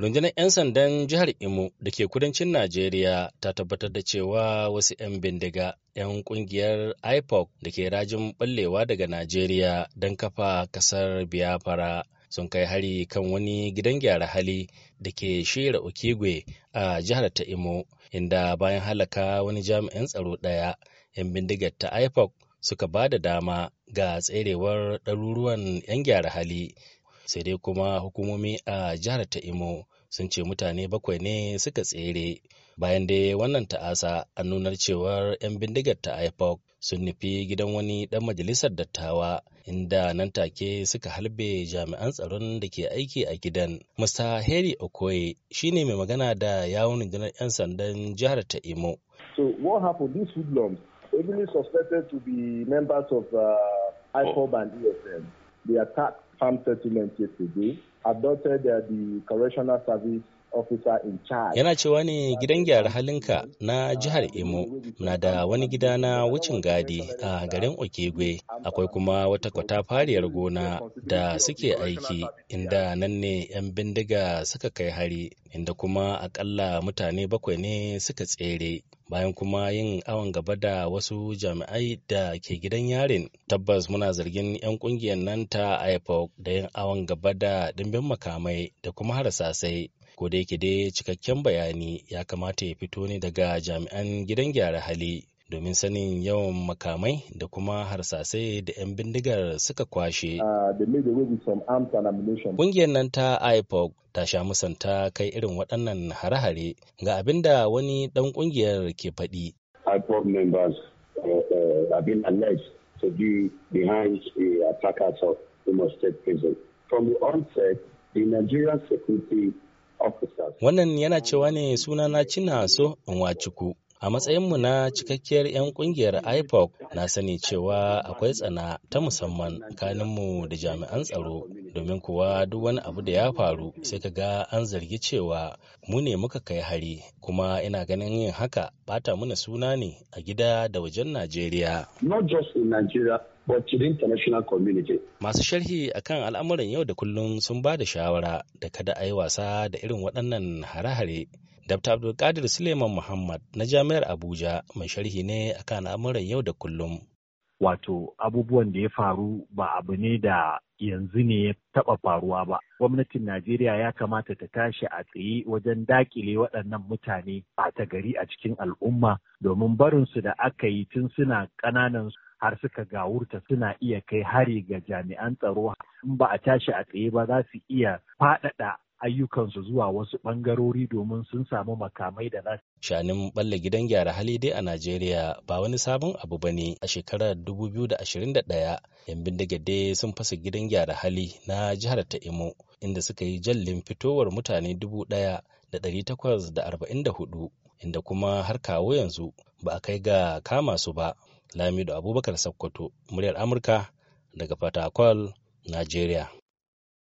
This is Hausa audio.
rundunar 'yan sandan jihar imo da ke kudancin najeriya ta tabbatar da cewa wasu 'yan bindiga 'yan kungiyar ipoc da ke rajin ɓallewa daga najeriya don kafa kasar biafra sun kai hari kan wani gidan gyara hali da ke shira okigwe a jihar ta imo inda bayan halaka wani jami'in tsaro ɗaya 'yan bindigar ta ipoc suka ba da dama ga tserewar ɗaruruwan 'yan gyara hali sai dai kuma hukumomi a jihar ta imo sun ce mutane bakwai ne suka tsere bayan dai wannan ta'asa an nunar cewar 'yan bindigar ta ipoc sun nufi gidan wani dan majalisar dattawa inda nan take suka halbe jami'an tsaron da ke aiki a gidan mr harry okoye shine mai magana da yawon gidan 'yan sandan jihar ta imo so what happened these hoodlums heavily suspected to be members of uh, oh. and esm they attacked farm settlement yesterday adopted uh, the correctional service Yana cewa ne gidan gyara halinka na jihar Imo na da wani gida na wucin gadi a garin Okegwe akwai kuma wata kwatafariyar gona da suke aiki inda nan ne 'yan bindiga suka kai hari inda kuma akalla mutane bakwai ne suka tsere bayan kuma yin awon gaba da wasu jami'ai da ke gidan yarin tabbas muna zargin 'yan kungiyar nan ta ipoc da yin awon gaba da dimbin makamai da kuma harsasai ko da yake dai cikakken bayani ya kamata ya fito ne daga jami'an gidan gyara hali domin sanin yawan makamai da kuma harsasai da 'yan bindigar suka kwashe. Uh, ƙungiyar nan ta IPOC ta sha musanta kai irin waɗannan hare-hare ga abin da wani ɗan ƙungiyar ke faɗi. IPOC members uh, uh, have been alleged to be behind the attackers of Imo State Prison. From the onset, the Nigerian security Wannan yana cewa ne sunana Cina So in Nwachukwu. A matsayinmu na cikakkiyar 'yan kungiyar IPOC na sani cewa akwai tsana ta musamman tsakaninmu da jami'an tsaro domin kuwa duk wani abu da ya faru sai ka ga an zargi cewa mu ne muka kai hari kuma ina ganin yin haka bata mana suna ne a gida da wajen Najeriya. Not Masu sharhi akan al'amuran yau da kullum sun ba da shawara da kada a yi wasa da irin waɗannan hare-hare Dr. Abdulkadir Suleiman Muhammad na Jami'ar Abuja mai sharhi ne akan al'amuran yau da kullum. Wato abubuwan da ya faru ba abu ne da yanzu ne ya taɓa faruwa ba. Gwamnatin Najeriya ya kamata ta tashi a tsaye wajen dakile waɗannan mutane Ba ta gari a cikin al'umma domin barinsu da aka yi tun suna ƙananan har suka gawurta suna iya kai hari ga jami'an tsaro in ba a tashi a tsaye ba za su iya faɗaɗa ayyukansu zuwa wasu ɓangarori domin sun samu makamai da za Shanin balle gidan gyara hali dai a Najeriya ba wani sabon abu ba a shekarar 2021 'yan bindiga dai sun fasa gidan gyara hali na jihar ta Imo inda suka yi jallin fitowar mutane 1,844 inda kuma har kawo yanzu ba a kai ga kama su ba. Lamido Abubakar Sakkwato, muryar Amurka daga Fatakwal, Najeriya.